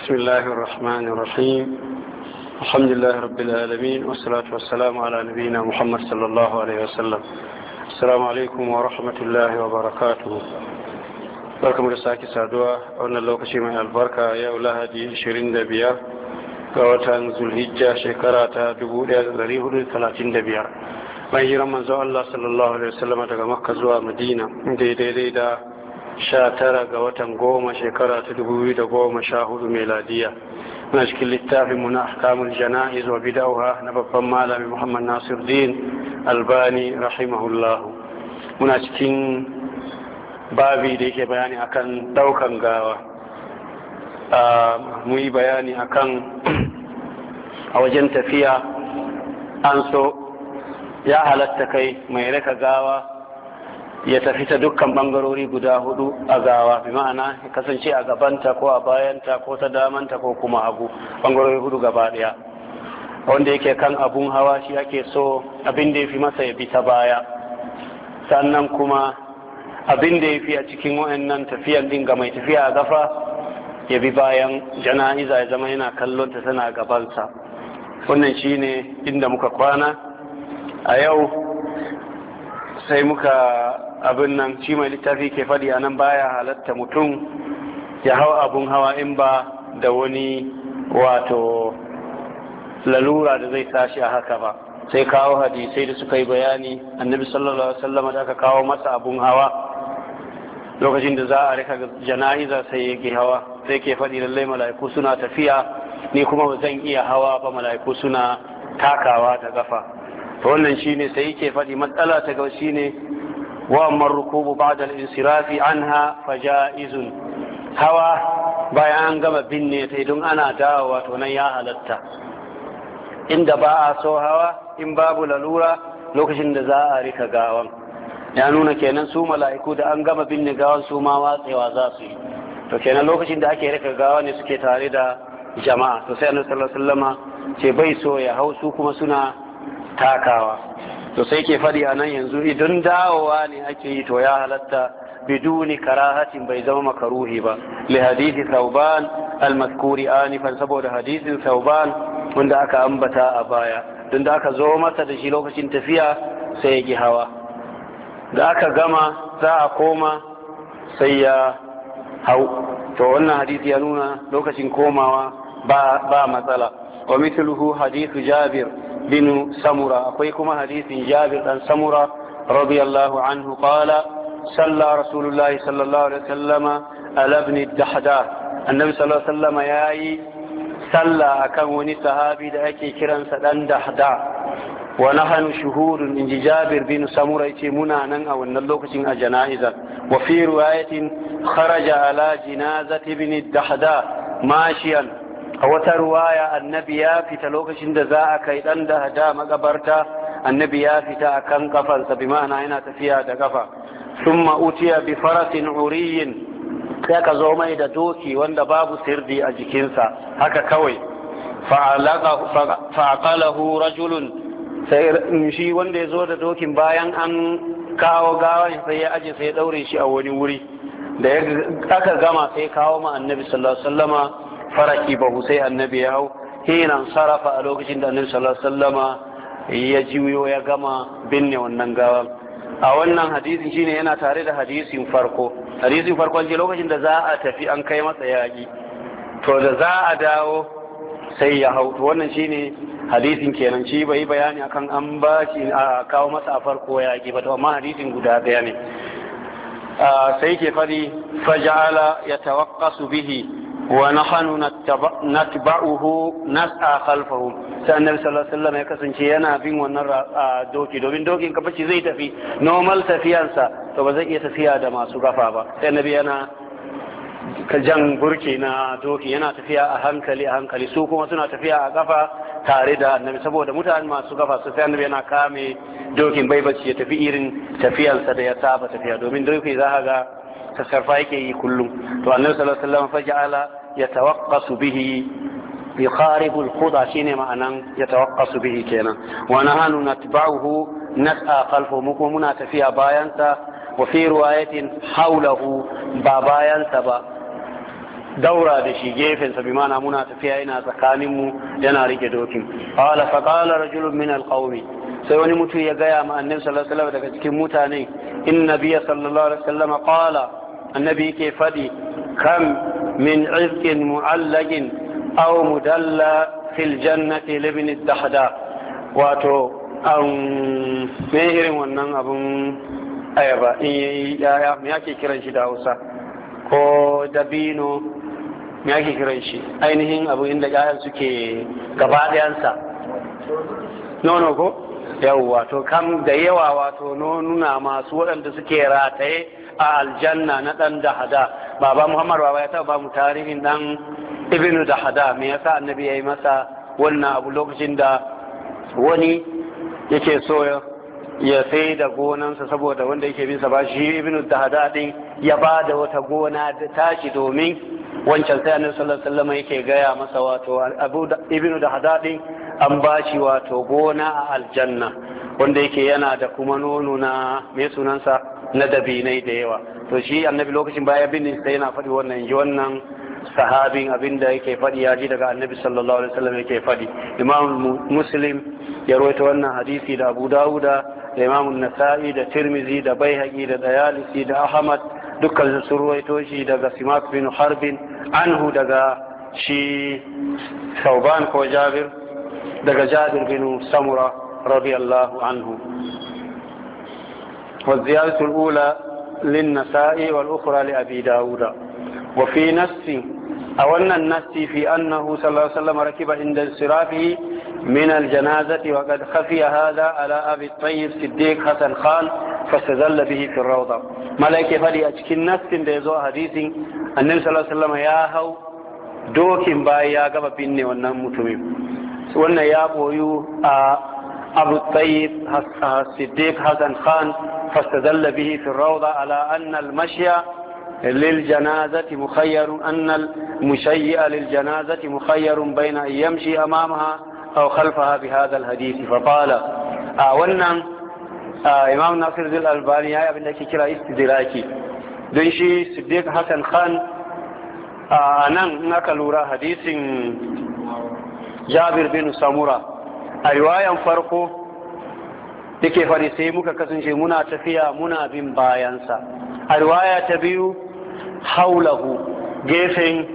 بسم الله الرحمن الرحيم الحمد لله رب العالمين والصلاة والسلام على نبينا محمد صلى الله عليه وسلم السلام عليكم ورحمة الله وبركاته barkamu da sake saduwa a wannan lokacin mai albarka yau lahadi 25 ga watan zulhijja shekara ta 1435 bayan hiran manzo Allah sallallahu daga makka zuwa madina daidai da Sha tara ga watan goma shekara ta 2014 meladiya muna cikin littafin mu na ahkamul jana'iz wa na babban malami Muhammad din Albani rahimahullahu muna cikin babi da yake bayani akan daukan gawa mu yi bayani akan a wajen tafiya an so ya halatta kai mai raka gawa ya tafi ta dukkan bangarori guda hudu a gawa bi ma'ana ya kasance a gabanta ko a bayanta ko ta damanta ko kuma hagu bangarori hudu gaba daya wanda yake kan abun hawa shi ake so abin da ya fi masa ya bi ta baya sannan kuma abin da ya fi a cikin wayannan tafiyan din ga mai tafiya a gafa ya bi bayan jana'iza ya zama yana kallon ta tana gabansa wannan shine inda muka kwana a yau sai muka abin nan shi mai littafi ke faɗi a nan baya halatta mutum ya hau abun hawa in ba da wani wato lalura da zai tashi a haka ba sai kawo hadisai da suka yi bayani annabi sallallahu alaihi wasallam da aka kawo masa abun hawa lokacin da za a rika jana'iza sai yake hawa sai ke faɗi lallai mala'iku suna tafiya ni kuma ba zan iya hawa ba mala'iku suna takawa da gafa wannan shine sai yake faɗi matsala ta gaba shine Wa Rukubu, وأما الركوب بعد الانصراف عنها فجائز Hawa bayan an gama binne ta idan ana dawowa to nan ya halatta inda ba a so hawa in babu lalura lokacin da za a rika gawan ya nuna kenan su mala'iku da an gama binne gawan suma ma watsewa za su yi to kenan lokacin da ake rika gawa ne suke tare da jama'a to sai annabi sallallahu alaihi wasallama ce bai so ya hau su kuma suna takawa to sai ke faɗi a nan yanzu idan dawowa ne ake yi to ya halatta biduni karahatin bai zama makaruhi ba li hadisi sauban almaskuri anifan saboda hadisin sauban wanda aka ambata a baya don da aka zo masa da shi lokacin tafiya sai ya hawa da aka gama za a koma sai ya hau to wannan hadisi ya nuna lokacin komawa ba matsala wa mithluhu hadithu jabir bin samura akwai kuma hadisin jabir ɗan samura radiyallahu anhu qala salla rasulullahi sallallahu alaihi wasallama ala ibn dahda annabi sallallahu alaihi wasallama yayi salla akan wani sahabi da ake kiransa ɗan dahda wa nahanu shuhudun inji jabir bin samura yace muna nan a wannan lokacin a jana'izar wa fi riwayatin kharaja ala jinazati ibn dahda mashiyan a wata ruwaya annabi ya fita lokacin da za a kai dan da hada magabarta annabi ya fita a kan kafansa bi ma'ana yana tafiya da kafa summa utiya bi farasin uriyin sai ka zo mai da doki wanda babu sirdi a jikinsa haka kawai fa'aqalahu rajulun sai shi wanda ya zo da dokin bayan an kawo gawan sai ya aje sai ya daure shi a wani wuri da aka gama sai kawo ma annabi sallallahu alaihi wasallama faraki ba sai annabi ya hau hinan sarafa a lokacin da annabi sallallahu alaihi wasallama ya jiyo ya gama binne wannan gawa a wannan hadisin shine yana tare da hadisin farko hadisin farkon ne lokacin da za a tafi an kai masa yaƙi to da za a dawo sai ya hau to wannan shine hadisin kenan shi bai bayani akan an ba shi a kawo masa a farko yaki ba to amma hadisin guda ɗaya ne sai ke fari faja'ala ya tawakkasu bihi ونحن نتبعه نسعى خلفه ya kasance yana bin عليه وسلم يكسن شيئنا بين ونرى دوكي دوبين دوكي انك بشي زي ba نومال تفيانسا فبزي يتفيا دما سقفا با سأن النبي أنا jan burki na doki yana tafiya a hankali hankali su kuma suna tafiya a kafa tare da annabi saboda mutane masu kafa su sai annabi yana kame dokin bai bacci ya tafi irin tafiyarsa da ya saba tafiya domin doki za ka ga tasarfa yake yi kullum to annabi sallallahu alaihi wasallam faja'ala yatawaqasu bihi يخارب الخضع شين معنا يتوقص به كينا ونحن نتبعه نسعى خلفه مكومنا تفيا بايانتا وفي رواية حوله بابايانتا با دورة دشي جيفن فبمعنى منا تفيا إنا تقانم لنا رجدوكم قال فقال رجل من القوم sai wani mutum ya gaya ma annabi sallallahu alaihi wasallam daga cikin mutane in nabiya sallallahu alaihi wasallam qala annabi yake fadi kam من عفق معلق أو da في الجنة لابن الدحداء واتو أم مهر ونن أبن أيبا يا مياكي كرنشي داوسا ko dabino me ake kiran shi ainihin abu inda ƴaƴan suke gaba ɗayansa nono ko yawwa to kam da yawa wato nonuna masu waɗanda suke rataye a aljanna na dan da hada baba muhammad baba ya taba mu tarihin ɗan ibnu da hada me yasa annabi yayi masa wannan abu lokacin da wani yake so ya sai da gonansa saboda wanda yake bin sa ba shi ibnu da hada din ya ba da wata gona da tashi domin wancan sai annabi sallallahu alaihi wasallam yake gaya masa wato abu ibnu da hada din an ba shi wato gona a aljanna wanda yake yana da kuma nono na mai sunansa na dabinai da yawa to shi annabi lokacin baya binin sai yana faɗi wannan wannan sahabin abinda da yake faɗi ya ji daga annabi sallallahu alaihi wasallam yake faɗi imam muslim ya rawaita wannan hadisi da abu dawuda da imam nasa'i da tirmizi da baihaqi da dayalisi da ahmad dukkan su rawaito shi daga simak bin harbin anhu daga shi sauban ko jabir daga jabir bin samura رضي الله عنه والزيادة الأولى للنساء والأخرى لأبي داود وفي نفس أولنا النفس في أنه صلى الله عليه وسلم ركب عند انصرافه من الجنازة وقد خفي هذا على أبي الطيب صديق حسن خان فاستدل به في الروضة ملائكة فلي أشكين نفس ديزو حديث النبي صلى الله عليه وسلم يا هو dokin baya ya gaba binne wannan mutumin wannan ya boyu a أبو الطيب الصديق حسن خان فاستدل به في الروضة على أن المشي للجنازة مخير أن المشيء للجنازة مخير بين أن يمشي أمامها أو خلفها بهذا الحديث فقال أولا آه، آه، إمام ناصر ذي الألباني يا ابن كرا استدراكي don shi siddiq hassan khan a nan in aka lura a riwayan farko yake fari sai muka kasance muna tafiya muna bin bayansa a riwaya ta biyu haulahu gefen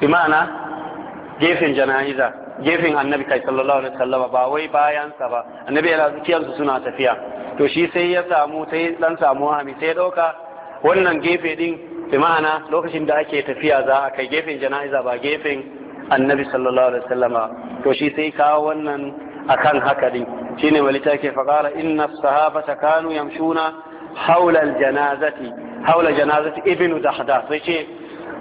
imana gefen gefen annabi kai sallallahu alaihi sallama ba wai bayansa ba annabi yana tsakiyarsu suna tafiya to shi sai ya samu sai dan samu hami sai ya dauka wannan gefe din imana lokacin da ake tafiya za a kai gefen jana'iza ba gefen annabi sallallahu alaihi sallama to shi sai kawo wannan akan haka din shine wali take faqala inna sahabata kanu yamshuna hawla aljanazati hawla janazati ibnu dahdah sai ce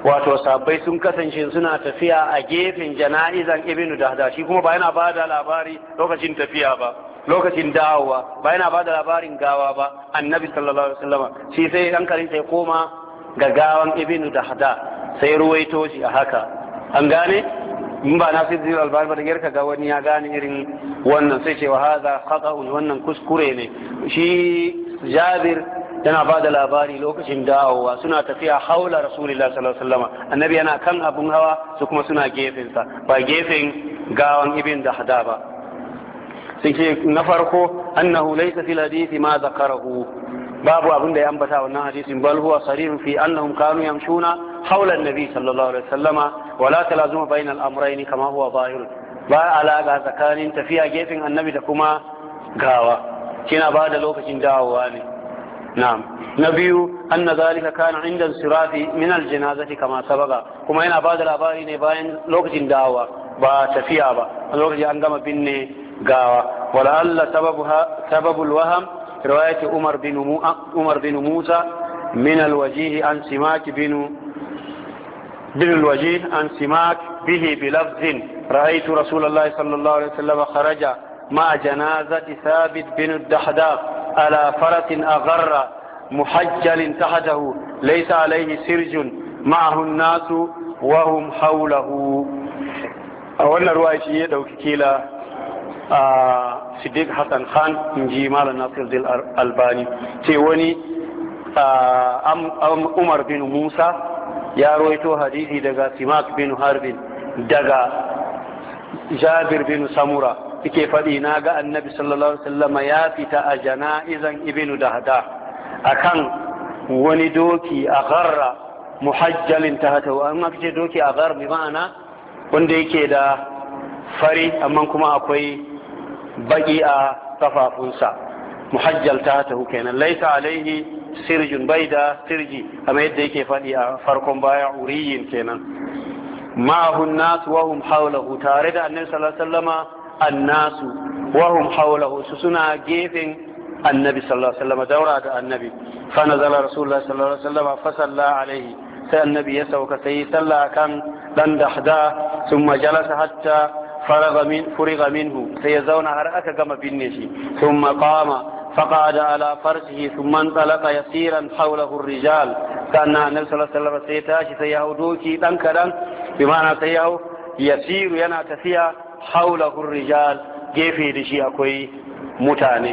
wato sabbai sun kasance suna tafiya a gefen jana'izan ibnu dahdah shi kuma ba yana ba da labari lokacin tafiya ba lokacin dawowa ba yana ba da labarin gawa ba annabi sallallahu alaihi wasallama shi sai hankalin sai koma ga gawan ibnu dahdah sai ruwaito shi a haka an gane in ba na fi albarba da yarka ga wani ya gane irin wannan sai cewa haza haka wannan kuskure ne shi jabir yana ba da labari lokacin dawowa suna tafiya haula rasulullahi sallallahu alaihi wasallam annabi yana kan abun hawa su kuma suna gefensa ba gefen gawan ibn da hada ba sai na farko annahu laysa fil ma zakarahu babu abin da ya ambata wannan hadisin bal huwa sarihun fi annahum kanu yamshuna hawla an-nabi sallallahu alaihi wasallama wa la talazuma bayna al-amrayn kama huwa zahir ba alaka tsakanin tafiya gefen annabi da kuma gawa kina ba da lokacin dawowa ne na'am na biyu anna zalika kana inda sirafi min al-janazati kama sabaga kuma yana ba da labari ne bayan lokacin dawowa ba tafiya ba a lokacin an gama binne gawa wala alla sababu sababul waham رواية عمر بن مو... عمر بن موسى من الوجيه عن سماك بن بن الوجيه عن سماك به بلفظ رأيت رسول الله صلى الله عليه وسلم خرج مع جنازة ثابت بن الدحداق على فرس أغر محجل تحته ليس عليه سرج معه الناس وهم حوله أولا رواية كيلا آه siddiq hassan khan in ji malam nasir dil albani ce wani umar bin musa ya roito hadisi daga simak bin harbin daga jabir bin samura yake faɗi na ga annabi sallallahu alaihi wasallam ya fita a jana'izan ibnu dahda akan wani doki a garra muhajjalin hata wa amma kace doki a garra bi ma'ana wanda yake da fari amma kuma akwai baki a kafafunsa muhajjalta ta kenan laisa alaihi sirjin bai da sirji kamar yadda yake faɗi a farkon baya uriyin kenan ma'ahun nasu wahum haulahu tare da annabi sallallahu alaihi wasallama annasu wahum haulahu su suna gefen annabi sallallahu alaihi wasallama daura da annabi fa nazala rasulullahi sallallahu alaihi wasallama fa salla alaihi sai annabi ya sauka sai salla kan dan dahda thumma jalasa hatta فرغ منه سيزون هرأك كما بالنشي ثم قام فقعد على فرشه ثم انطلق يسيرا حوله الرجال كان النبي صلى الله عليه وسلم سيتاشي سيهو دوكي تنكرا بمعنى سيهو يسير ينا تسيا حوله الرجال gefe da shi akwai mutane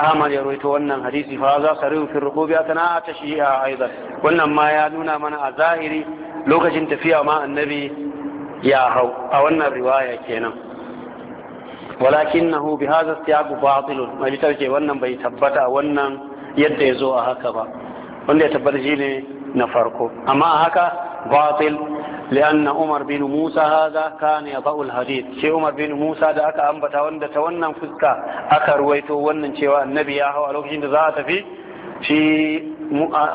ahmad ya roito wannan hadisi fa za ka rufe rububiya tana ta shi'a aidan wannan ma ya nuna mana a zahiri lokacin tafiya ma annabi ya hau a wannan riwaya kenan walakin nahu bi ya siyaq batil mai tarke wannan bai tabbata wannan yadda ya zo a haka ba wanda ya tabbata shine na farko amma a haka batil Umar bin Musa haza هذا كان baul الحديث شي Umar bin Musa da aka ambata wanda ta wannan fuska aka ruwaito wannan cewa annabi ya hawa lokacin da za a tafi shi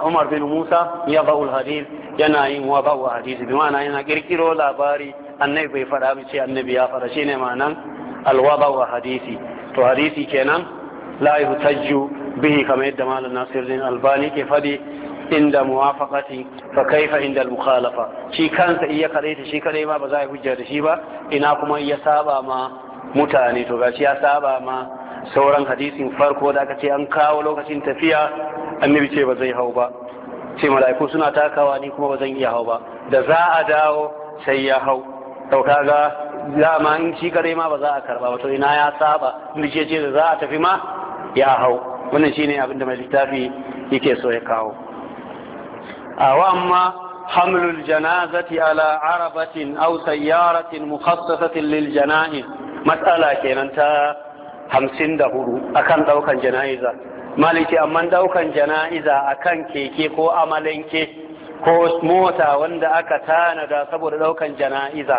Umar bin Musa ya ba'ul hadith yana yin wa ba hadisi bi ma'ana yana kirkiro labari annabi bai fara ba ce annabi ya fara shine ma'anan alwa bawa hadisi to hadisi kenan la yutajju bihi kama yadda malam Nasiruddin Albani ke fadi inda muwafaqati fa kaifa inda almukhalafa shi kansa iya kare shi kare ma ba za a hujja da shi ba ina kuma iya saba ma mutane to gashi ya saba ma sauran hadisin farko da aka ce an kawo lokacin tafiya annabi ce ba zai hau ba ce mala'iku suna takawa ni kuma ba zan iya hau ba da za a dawo sai ya hau to kaga dama in shi kare ma ba za a karba ba to ina ya saba inda ce da za a tafi ma ya hau wannan shine abin da mai littafi yake so ya kawo a wa amma hamlul janazati ala arabatin aw sayyaratin mukhassasatin lil jana'iz mas'ala kenan ta hamsin da hudu akan daukan jana'iza maliki amma daukan jana'iza akan keke ko amalanke ko mota wanda aka tanada saboda daukan jana'iza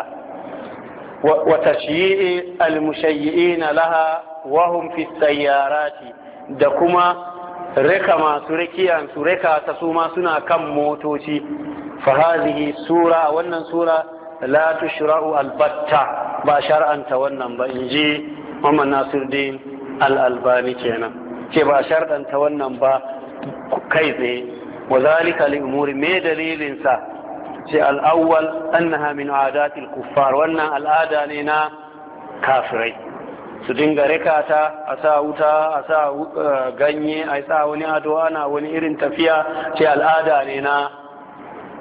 wa tashyi'i na laha wahun fi da kuma rika masu rikiyan su rika ta su ma suna kan motoci fa sura wannan sura la tushra'u albatta ba shar'anta wannan ba inji Muhammad Nasiruddin al-Albani kenan ce ba sharɗanta wannan ba kai tsaye wa zalika li umuri me dalilin sa ce al'awwal annaha min adatil kuffar wannan al'ada ne na kafirai su dinga rekata a sa wuta a sa uh, ganye a sa wani ado na wani irin tafiya ce al'ada ne na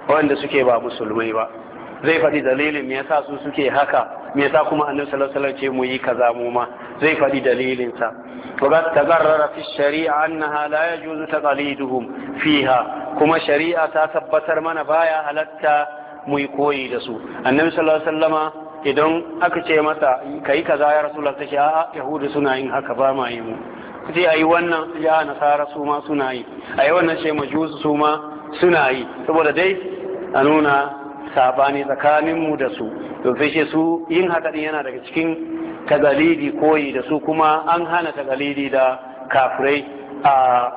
wanda suke ba musulmai ba zai faɗi dalilin me yasa su suke haka me yasa kuma annabi sallallahu alaihi wasallam ce mu yi kaza mu ma zai faɗi dalilinsa wadat ta garrara fi shari'a annaha la ta taqliduhum fiha kuma shari'a ta tabbatar mana baya halarta mu yi koyi da su annabi sallallahu alaihi idan aka ce masa kai kaza ya rasulullah sai a yahudu suna yin haka ba ma yi mu sai ayi wannan ya nasara su ma suna yi ayi wannan shi majusu su suna yi saboda dai a nuna sabani tsakaninmu da su to fishe su yin haka din yana daga cikin tagalidi koyi da su kuma an hana tagalidi da kafirai a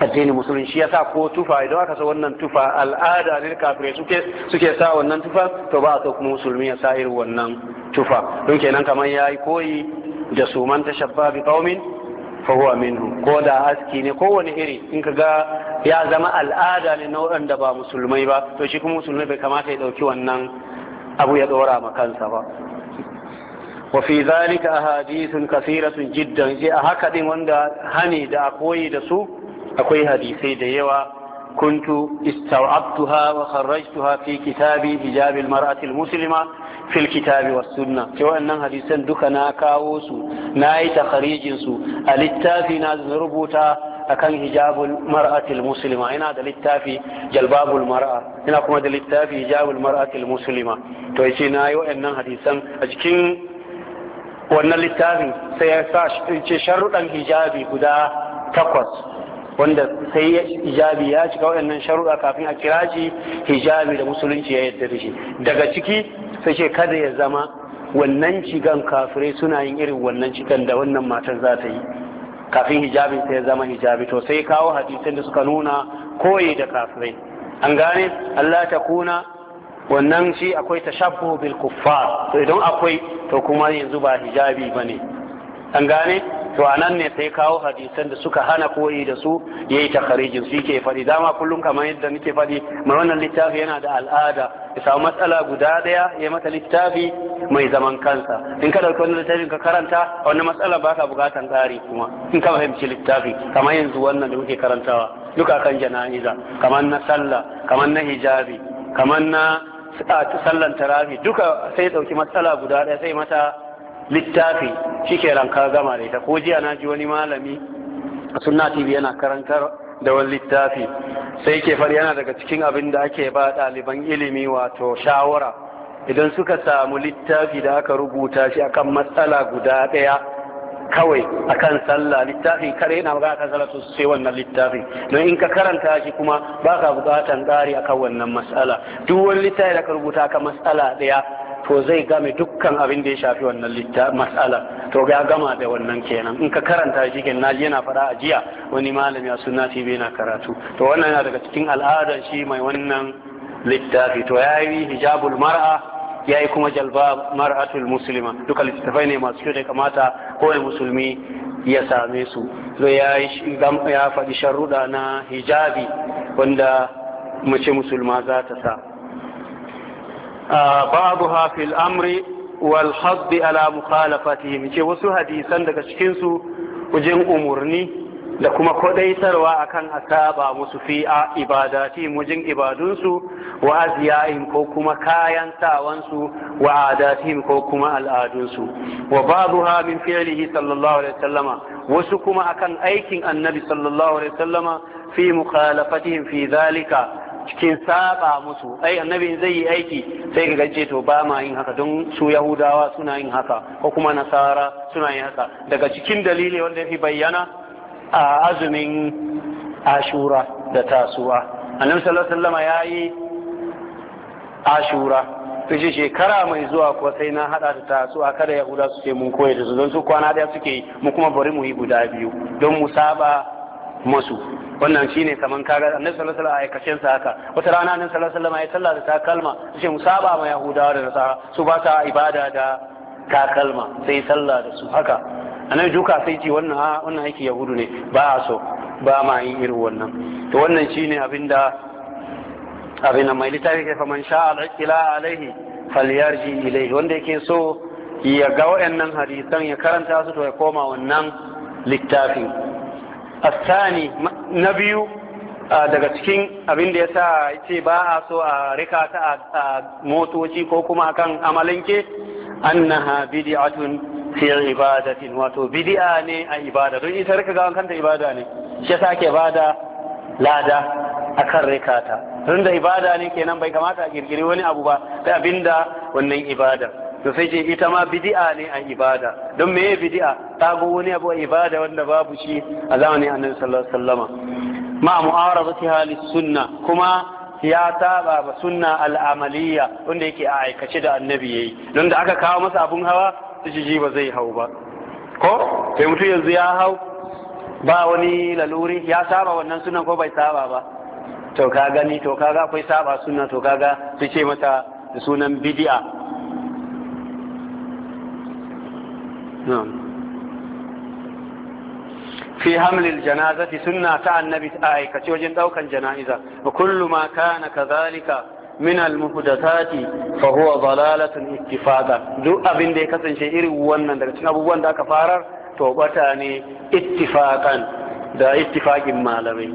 addinin musulun shi yasa ko tufa idan aka so wannan tufa al'ada ne kafirai suke sa wannan tufa to ba a so kuma musulmi ya sa irin wannan tufa don kenan kamar yayi koyi da su man tashabba bi qaumin fa huwa minhu ko da aski ne kowane iri in ka ga ya zama al'ada ne na waɗanda ba musulmai ba to shi kuma musulmai bai kamata ya ɗauki wannan abu ya ɗora ma kansa ba wa fi zalika ahadithun kasiratun jiddan je a haka din wanda hani da koyi da su akwai hadisai da yawa kuntu istawabtuha wa kharrajtuha fi kitabi hijabi almar'ati almuslima fil kitabi was wannan hadisan duka na kawo su na yi takharijin su a littafi na rubuta akan hijabul mar'atil muslima ina da littafi jalbabul mar'a ina kuma da littafi hijabul mar'atil muslima to yace na yi waɗannan hadisan a cikin wannan littafin sai ya sa ce sharuɗan hijabi guda takwas wanda sai hijabi ya cika waɗannan sharuɗa kafin a kira shi hijabi da musulunci ya yadda da shi daga ciki sai ce kada ya zama wannan cigan kafirai suna yin irin wannan cigan da wannan matan za ta yi kafin hijabi sai ya zama hijabi to sai kawo hadisin da suka nuna koyi da kafirai an gane Allah ta kuna wannan shi akwai tashabbu bil kuffar to idan akwai to kuma yanzu ba hijabi bane an gane to anan ne sai kawo hadisan da suka hana koyi da su yayi takharijin su ke faɗi dama kullum kamar yadda nake faɗi mai wannan littafi yana da al'ada ya samu matsala guda daya ya mata littafi mai zaman kansa in ka dauki wannan littafin ka karanta wannan matsala ba ka bukatan ƙari kuma in ka fahimci littafi kamar yanzu wannan da muke karantawa duka kan jana'iza kamar na sallah kamar na hijabi kamar na sallan tarafi duka sai dauki matsala guda daya sai mata littafi ke ka gama da ita ko jiya na ji wani malami a sunna tv yana karanta da wani littafi sai ke faɗi yana daga cikin abin da ake ba ɗaliban ilimi wato shawara idan suka samu littafi da aka rubuta shi akan matsala guda ɗaya kawai akan sallah littafin kare yana ba ka sallah su sai wannan littafin don in ka karanta shi kuma ba ka bukatan ƙari akan wannan matsala duk wani littafi da ka rubuta akan matsala ɗaya to zai game dukkan abin da ya shafi wannan mas'ala to ya gama da wannan kenan in ka karanta shi na naji yana fara a jiya wani malami a suna tv na karatu to wannan yana daga cikin al'adar shi mai wannan littafi to ya yi hijabul mar'a ya yi kuma jalba mar'atul muslima duka littattafai ne masu kyau da kamata kowane musulmi ya same su zai ya faɗi sharuɗa na hijabi wanda mace musulma za ta sa ba'daha fil amri wal hadd ala mukhalafatihim ce wasu hadisan daga cikin su wajen umurni da kuma kodaitarwa akan asaba musu fi a ibadati wajen ibadunsu wa aziya'in ko kuma kayan sawansu wa adatihim ko kuma al'adunsu wa ba'daha min fi'lihi sallallahu alaihi wasallama wasu kuma akan aikin annabi sallallahu alaihi wasallama fi mukhalafatihim fi zalika cikin saba musu ai annabi zai yi aiki sai ka gace to ba ma yin haka don su yahudawa suna yin haka ko kuma nasara suna yin haka daga cikin dalili wanda yafi bayyana a azumin ashura da tasuwa annabi sallallahu alaihi wasallam yayi ashura to shekara mai zuwa kuwa sai na hada da tasuwa kada yahuda su ce mun koyi da su don su kwana daya suke mu kuma bari mu yi guda biyu don mu saba masu wannan shine kaman kaga annabi sallallahu alaihi wasallam sa haka wata rana annabi sallallahu alaihi wasallam ya sallah da takalma sai saba ma yahudawa da nasara su ba ta ibada da takalma sai sallah da su haka annabi duka sai ce wannan ah, wannan aiki yahudu ne ba a so ba ma yin irin wannan to wannan shine abinda abinda mai littafi ke faman sha al-ila alaihi falyarji ilaihi wanda yake so ya ga waɗannan hadisan ya karanta su to ya koma wannan littafin الثاني نبي daga cikin abin da ya sa ce ba a so a rika ta a motoci ko kuma akan amalanke annaha bid'atun fi ibadatin wato bid'a ne a ibada don ita rika gawan kanta ibada ne shi yasa ke bada lada akan rika ta don ibada ne kenan bai kamata a kirkiri wani abu ba da abinda wannan ibada to sai ce ita ma bidi'a ne a ibada don me bidi'a ta go wani abu ibada wanda babu shi a zamanin annabi sallallahu alaihi wasallama ma mu'aradatiha lis sunna kuma ya saba ba sunna al'amaliya wanda yake a aikace da annabi yayi don da aka kawo masa abun hawa su ji ba zai hau ba ko sai mutum yanzu ya hau ba wani laluri ya saba wannan sunan ko bai saba ba to ka gani to kaga akwai saba sunna to kaga su ce mata da sunan bid'a في حمل الجنازة سنة النبي آيكا توجن دوكا جنائزة وكل ما كان كذلك من المحدثات فهو ضلالة اتفاقا دو أبن دي كسن شيء إروانا دكتن أبوان داك فارر توبتاني اتفاقا دا اتفاق مالوي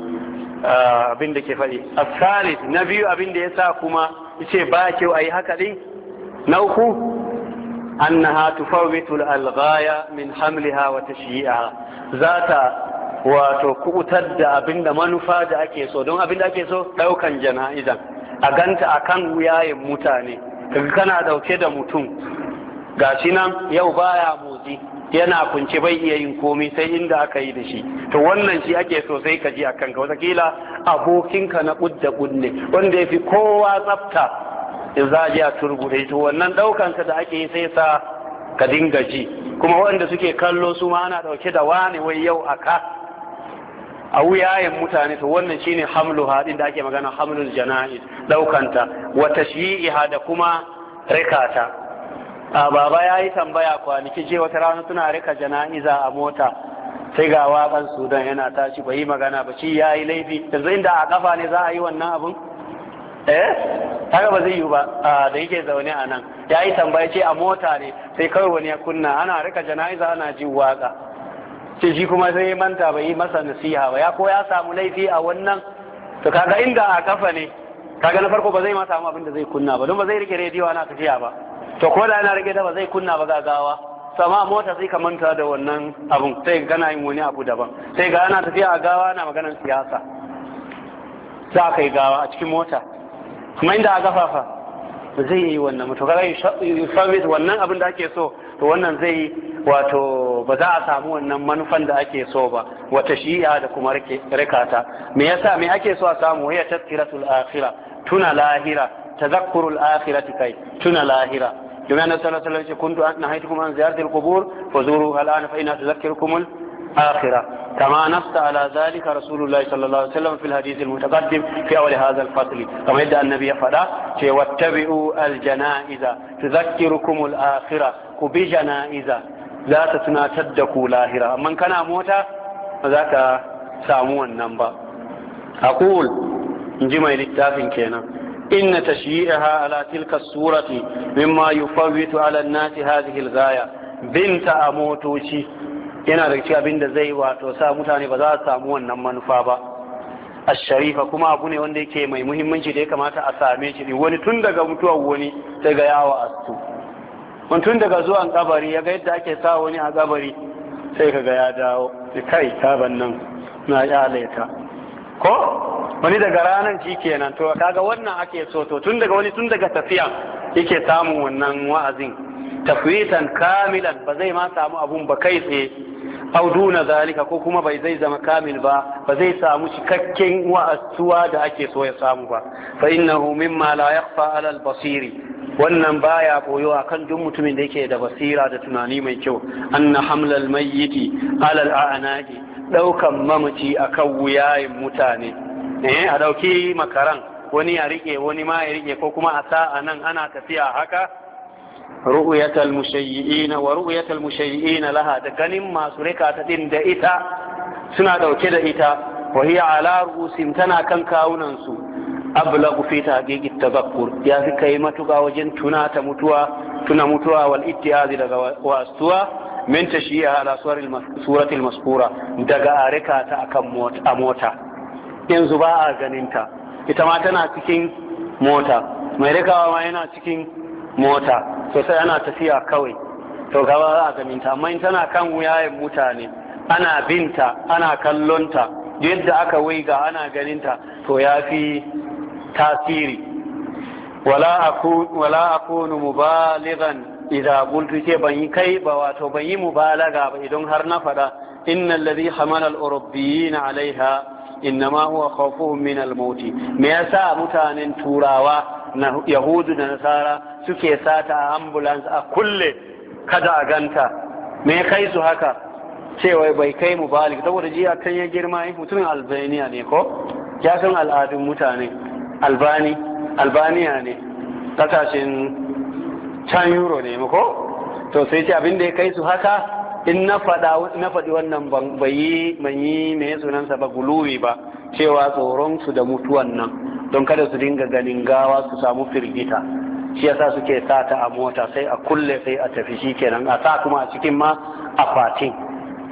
abin da ke faɗi asali na biyu abin da ya sa kuma ce ba kyau a yi haka ɗin na uku min wata shi'a zata wato تفوت da abinda manufa da ake وتكو don abinda ake so ɗaukan jana'izan a ganta كان جنائزا أغنت mutane وياي متاني كان أدو كده متون nan yau baya motsi yana kunci bai iya yin komai sai inda aka yi da shi to wannan shi ake sosai sai ka ji akan wata kila abokinka na ƙudda ƙudne wanda ya fi kowa tsafta in za a je a turbude to wannan ɗaukansa da ake yi sai sa ka dinga ji kuma waɗanda suke kallo su ma ana ɗauke da wani wai yau a ka a wuyayen mutane to wannan shine hamlu haɗin da ake magana hamlul jana'i ɗaukanta wa ha da kuma rikata a baba ya yi tambaya kwanaki je wata rana suna rika jana'iza a mota sai ga waƙan sudan yana tashi bai yi magana ba shi ya yi laifi yanzu inda a ƙafa ne za a yi wannan abun Eh? haka ba zai yi ba da yake zaune a nan ya yi tambaya ce a mota ne sai kawai wani ya kunna ana rika jana'iza ana ji waka ce shi kuma sai ya manta bai yi masa nasiha ba ya ko ya samu laifi a wannan to kaga inda a kafa ne kaga na farko ba zai ma samu abin da zai kunna ba don ba zai rike rediyo ana tafiya ba to ko da yana rike ta ba zai kunna ba gagawa sama mota sai ka manta da wannan abun sai kana yin wani abu daban sai ga ana tafiya a gawa ana maganar siyasa za ka yi gawa a cikin mota kuma inda a gafafa zai yi wannan mutu kada yusamit wannan abin da ake so to wannan zai wato ba za a samu wannan manufan da ake so ba wata shi'a da kuma rikata me yasa me ake so a samu ya tazkiratul akhirah tuna lahira tazakkurul akhirati kai tuna lahira domin annabi sallallahu alaihi wasallam ya ce kuntu nahaytukum an ziyaratil qubur fazuruha al'ana fa inna tuzakkirukum آخرة كما نص على ذلك رسول الله صلى الله عليه وسلم في الحديث المتقدم في أول هذا الفصل كما يدى النبي فلا واتبعوا الجنائز تذكركم الآخرة بجنائز لا تتنا تدكوا لاهرة من كان موتا ذاك سامو النمبا أقول نجمع للتاف كينا إن تشييعها على تلك الصورة مما يفوت على الناس هذه الغاية بنت أموتوشي yana da cikin abin da zai wato sa mutane ba za su samu wannan manufa ba asharifa kuma abu ne wanda yake mai muhimmanci da ya kamata a same shi ne wani tun daga mutuwar wani sai ga yawa astu wani tun daga zuwan kabari ya ga yadda ake sa wani a kabari sai ka ga ya dawo kai taban nan na kyaleta ko wani daga ranar shi kenan to kaga wannan ake so to tun daga wani tun daga tafiya yake samun wannan wa'azin tafwitan kamilan ba zai ma samu abun ba kai tsaye Audu duna zalika ko kuma bai zai zama kamil ba ba zai samu cikakken wa'astuwa da ake so ya samu ba fa innahu mimma la yakhfa ala al basiri wannan baya koyo kan duk mutumin da yake da basira da tunani mai kyau anna hamlal mayyiti ala al a'naqi daukan mamaci akan wuyayin mutane eh a dauki makaran wani ya rike wani ma ya rike ko kuma a sa'a nan ana tafiya haka ru'yatal mushayyi'ina wa ru'yatal mushayyi'ina laha da ganin masu rika ta din da ita suna ɗauke da ita wa hiya ala ru'usin tana kan kawunan su ablagu fi tahqiqi tadhakkur ya fi kai matuka wajen tunata mutuwa tuna mutuwa wal ittiazi daga wasuwa min tashiya ala suratil maskura daga arika ta akan a mota yanzu ba a ganinta ita ma tana cikin mota mai rikawa ma yana cikin mota to sai ana tafiya kawai to gaba za a gaminta amma in tana kan wuyayen mutane ana binta ana kallonta yadda aka waiga ana ganinta to ya fi tasiri wala akunu mubaligan idan qultu ce ban yi kai ba wato ban yi mubalaga ba idan har na faɗa inna ladhi hamala al na alaiha innama huwa khawfuhum min al maut me yasa mutanen turawa yahudu da nasara suke sata a ambulance a kulle kada a ganta me kai su haka cewa bai kai mu balik saboda jiya kan ya girma yi mutumin albaniya ne ko ya san al'adun mutane albani albaniya ne kasashen can euro ne ko to sai ce abin da ya kai su haka in na faɗi wannan ban yi mai yi mai sunansa ba guluwi ba cewa tsoron su da mutuwan nan don kada su dinga ganin gawa su samu firgita shi yasa suke sa ta a mota sai a kulle sai a tafi shi kenan a sa kuma a cikin ma a fatin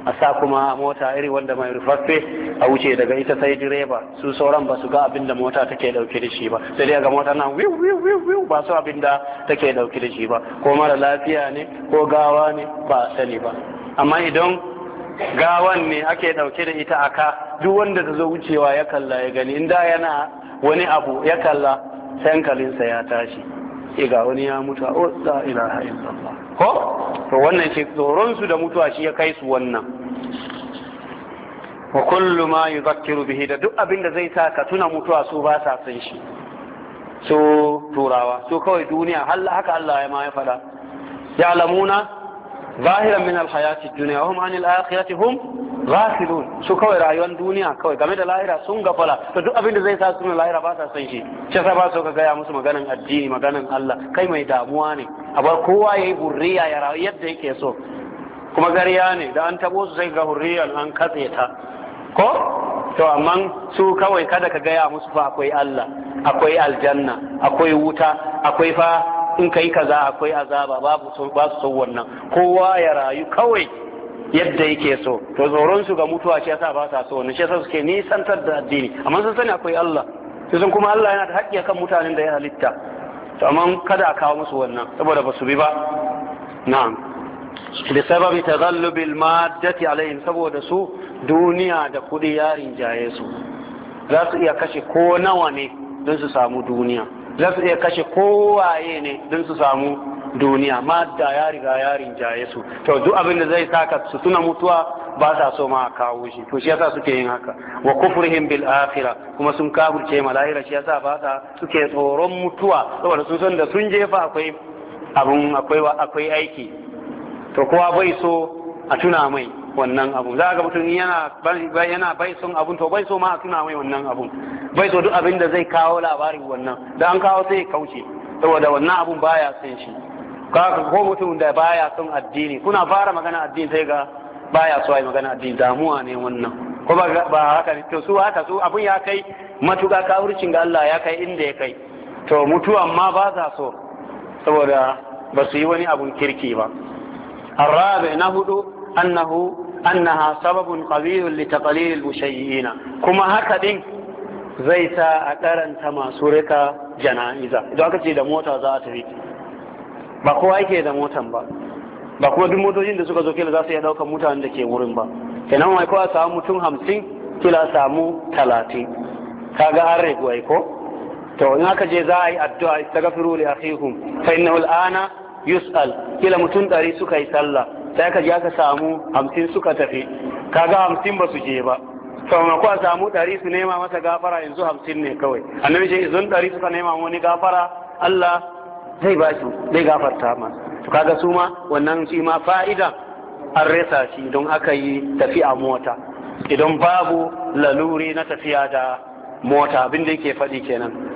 a sa kuma a mota iri wanda mai rufaffe a wuce daga ita sai direba su sauran ba su ga abin da mota take dauke da shi ba sai dai ga mota nan wiu wiu wiu wiu ba su abin da take dauke da shi ba ko mara lafiya ne ko gawa ne ba sani ba amma idan gawan ne ake dauke da ita aka duk wanda ta zo wucewa ya kalla ya gani in da yana wani abu ya kalla hankalinsa ya tashi ga wani ya mutu a oh, la ilaha illallah ko to wannan ce tsoronsu da mutuwa shi ya kai su wannan wa kullu ma yuzakkiru bihi da duk abinda zai sa ka tuna mutuwa su ba sa san shi su turawa su kawai duniya haka Allah ya ma ya fada ya lamuna. ظاهرا min alhayati dunya wa hum an alakhirati hum ghafilun su kawai rayuwar duniya kawai game da lahira sun ga gafala to duk abin da zai sa su lahira basa sa son shi shi ba so ka gaya musu maganan addini maganan Allah kai mai damuwa ne a bar kowa yayi burriya ya rayu yadda yake so kuma gariya ne da an tabo su sai ga hurriyar an katse ta ko to amma su kawai kada ka gaya musu fa akwai Allah akwai aljanna akwai wuta akwai fa in kai kaza akwai azaba babu sun ba su son wannan kowa ya rayu kawai yadda yake so to tsoron su ga mutuwa shi yasa ba sa so wannan shi yasa suke nisantar da addini amma sun sani akwai Allah sun kuma Allah yana da haƙƙi kan mutanen da ya halitta to amma kada a kawo musu wannan saboda ba su bi ba na'am بسبب تغلب المادة عليهم saboda su duniya da kuɗi ya rinjaye su za su iya kashe ko nawa ne don su samu duniya za su iya kashe kowaye ne don su samu duniya ma da ya riga ya rinjaye su to duk abin da zai saka su suna mutuwa ba sa so ma kawo shi to shi yasa suke yin haka wa kufrihim bil akhira kuma sun kafirce mala'ira shi yasa ba sa suke tsoron mutuwa saboda sun san da sun jefa akwai abun akwai akwai aiki to kowa bai so a tuna mai wannan abun za ga mutum yana bai son abun to bai so ma a tuna mai wannan abun bai so duk abin da zai kawo labarin wannan da an kawo sai kauce saboda wannan abun baya son shi ko mutum da baya son addini kuna fara magana addini sai ga baya so ai magana addini damuwa ne wannan ko ba haka haka to su haka su abun ya kai matuƙa kawurcin ga Allah ya kai inda ya kai to mutuwan ma ba za so saboda ba su yi wani abun kirki ba الرابع na hudu. annahu annaha sababin qawiyun li taqlil al-mushayyi'ina kuma haka ɗin zai sa a karanta masu rika jana'iza idan aka ce da mota za a tafi ba kowa yake da motan ba ba kuma duk motocin da suka zo kila za su iya daukan mutanen da ke wurin ba kenan wai ko a samu mutum hamsin kila samu talatin kaga an ragu ko to in aka je za a yi addu'a istaghfiru li akhikum fa innahu al'ana yus'al kila mutum ɗari suka yi sallah sai ka ja ka samu hamsin suka tafi kaga hamsin ba su je ba saunako a samu ɗari su nema masa gafara yanzu hamsin ne kawai annabi ce izun ɗari suka nema wani gafara Allah zai ba su zai gafarta ma to kaga su ma wannan shi ma fa'ida an resa shi don aka yi tafi mota idan babu laluri na tafiya da mota abin da yake faɗi kenan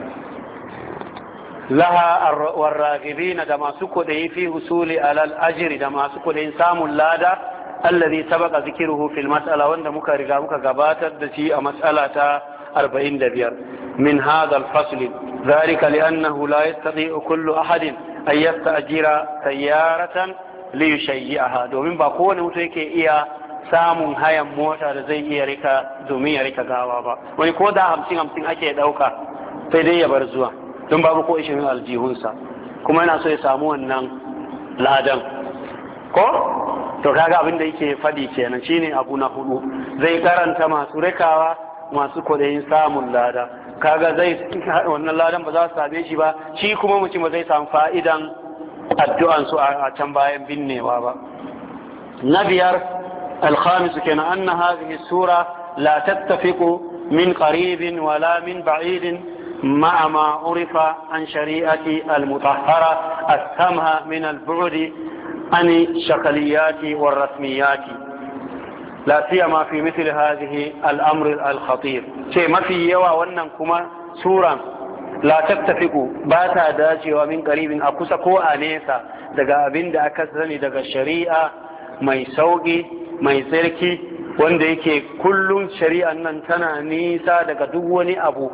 laha warragibina da masu kuɗi fi husuli alal ajiri da masu kuɗin samun lada allazi sabaka zikiruhu fil mas'ala wanda muka riga muka gabatar da shi a mas'ala ta 45 min hadha al-fasl dhalika li'annahu la yastati'u kullu ahadin an yasta'jira sayyaratan li yushayyi'aha domin ba kowane mutum yake iya samun hayan mota da zai iya rika domin ya rika gawa ba wani ko da hamsin hamsin ake ɗauka sai dai ya bar zuwa don babu ko ishirin aljihunsa kuma yana so ya samu wannan ladan ko to kaga abin da yake faɗi kenan shine abu na hudu zai karanta masu rekawa masu kwaɗayin samun lada kaga zai wannan ladan ba za su same shi ba shi kuma mutum ba zai samu fa'idan addu'an su a can bayan binnewa ba na biyar alkhamisu kenan anna hadhihi sura la tattafiqu min qaribin wala min ba'idin مع ما عرف عن شريعة المطهرة السمها من البعد عن الشكليات والرسميات لا سيما في مثل هذه الأمر الخطير شيء ما في يوا وننكما سورة لا تتفق باتا داجي ومن قريب أكوسا كو أنيسا دقا أبين دا أكسرني دقا الشريعة ما يسوقي ما يسركي wanda yake kullum shari'an nan tana nisa daga duk wani abu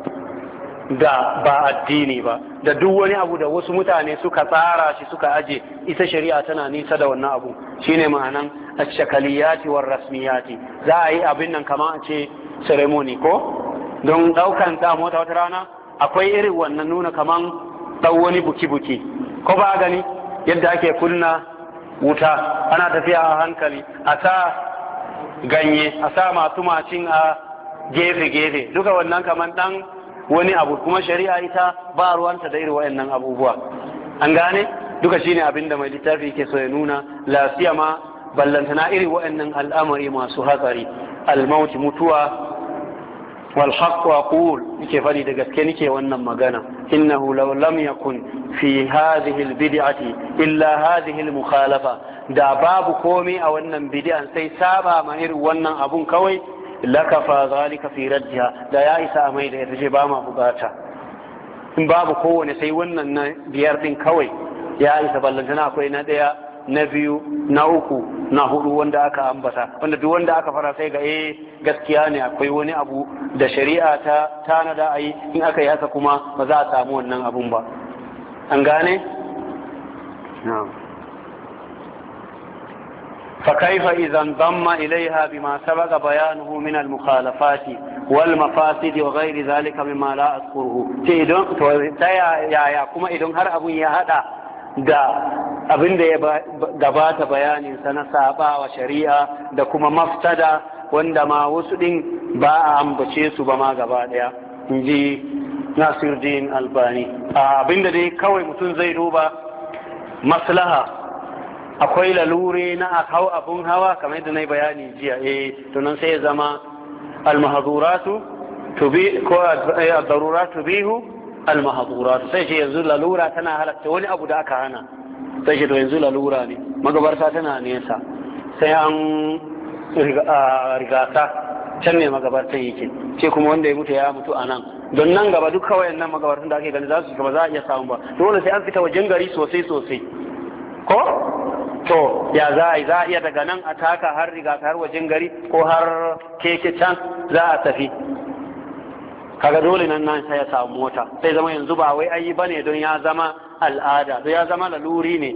da ba addini ba da duk wani abu da wasu mutane suka tsara shi suka aje ita shari'a tana nisa da wannan abu shine ma'anan ashakaliyati war rasmiyati za a yi abin nan kamar a ce ceremony ko don daukan da mota wata rana akwai irin wannan nuna kaman dau wani buki buki ko ba gani yadda ake kunna wuta ana tafiya a hankali a sa ganye a sa masu macin a gefe gefe duka wannan kaman dan wani abu kuma shari'a ita ba ruwanta da irin wayannan abubuwa an gane duka shine abin da mai littafi ke so ya nuna lafiya ma ballantana irin wayannan al'amari masu hatsari almauti mutuwa wal haqq wa qul yake fadi da gaske nike wannan magana innahu law lam yakun fi hadhihi al bid'ati illa hadhihi al mukhalafa da babu komai a wannan bid'an sai saba ma irin wannan abun kawai Laka fa zalika fi raddiha da ya isa mai da ita ba ma bugata in babu kowane sai wannan na biyar din kawai ya isa ballantana akwai na daya na biyu na uku na hudu wanda aka ambata wanda duk wanda aka fara sai ga eh gaskiya ne akwai wani abu da shari'a ta tanada a yi in aka yi haka kuma ba za a samu wannan abun ba an gane? na'am فكيف إذا انضم إليها بما سبق بيانه من المخالفات والمفاسد وغير zalika مما لا أذكره تيدون تيا يا يا كما إذن هر أبو يهدا دا abin da ya gabata bayaninsa na saba shari'a da kuma maftada wanda ma wasu ɗin ba a ambace su ba ma gaba ɗaya in ji nasiruddin albani abin da dai kawai mutum zai duba maslaha akwai lalure na a hau abun hawa kamar yadda na yi bayani jiya eh nan sai ya zama almahazuratu ko daruratu bihu almahazuratu sai shi yanzu lalura tana halatta wani abu da aka hana sai shi to yanzu lalura ne magabarta tana nesa sai an rigata can ne magabarta yake ce kuma wanda ya mutu ya mutu a nan don nan gaba duk kawai nan magabartan da ake gani za su ba za a iya samu ba dole sai an fita wajen gari sosai sosai ko to ya za a yi za a iya daga nan a taka har riga har wajen gari ko har keke can za a tafi kaga dole nan nan sai ya samu mota sai zama yanzu ba wai ayi bane don ya zama al'ada don ya zama laluri ne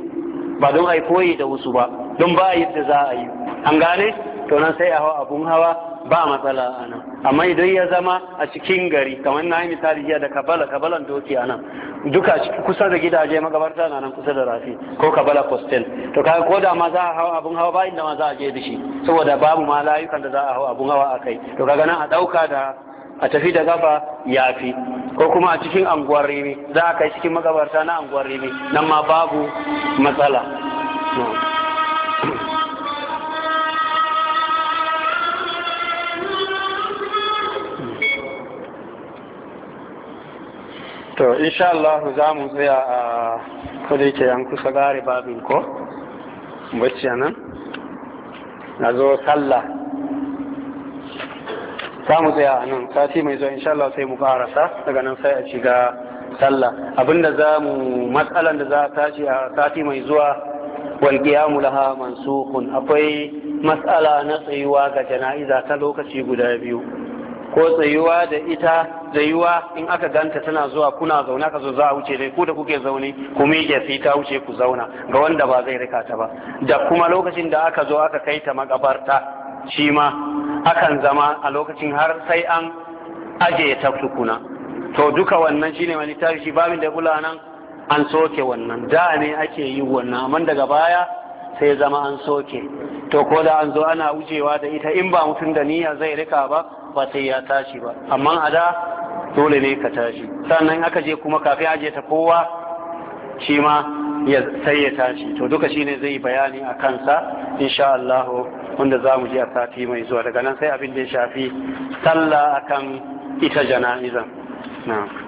ba don ai koyi da wasu ba don ba yadda za a yi an gane to nan sai a hawa abun hawa ba matsala a nan amma idan ya zama a cikin gari kamar na yi misali jiya da kabala kabalan doki a nan duka kusa da gidaje magabarta na nan kusa da rafi ko kabala postel to kaga ko da ma za a hau abun hawa ba inda ma za a je da shi saboda babu ma layukan da za a hau abun hawa a kai to kaga nan a ɗauka da a tafi da gafa ya fi ko kuma a cikin anguwar rimi za a kai cikin magabarta na anguwar rimi nan ma babu matsala to insha Allah za mu tsaya a kodai ke an kusa gari babin ko bacci nan na zo sallah za mu tsaya a nan sati mai zuwa insha Allah sai mu karasa daga nan sai a shiga sallah abinda za mu matsalan da za a tashi a sati mai zuwa wal qiyamu laha mansukun akwai matsala na tsayuwa ga jana'iza ta lokaci guda biyu ko tsayuwa da ita tsayuwa in aka ganta tana zuwa kuna zaune ka zo za a wuce dai ku da kuke zaune ku miƙe sai ta wuce ku zauna ga wanda ba zai rika ta ba da kuma lokacin da aka zo aka kai ta makabarta shi ma akan zama a lokacin har sai an aje ta tukuna to duka wannan shine wani tashi babin da kula nan an soke wannan da ne ake yi wannan amma daga baya sai zama an soke to ko da an zo ana wucewa da ita in ba mutum da niyya zai rika ba ba sai ya tashi ba amma a da dole ne ka tashi sannan aka je kuma kafin aje ta kowa shi ma sai ya tashi to duka shine zai yi bayani a kansa insha Allah wanda za mu je a sati mai zuwa daga nan sai abin da ya shafi sallah akan ita jana'izan na'am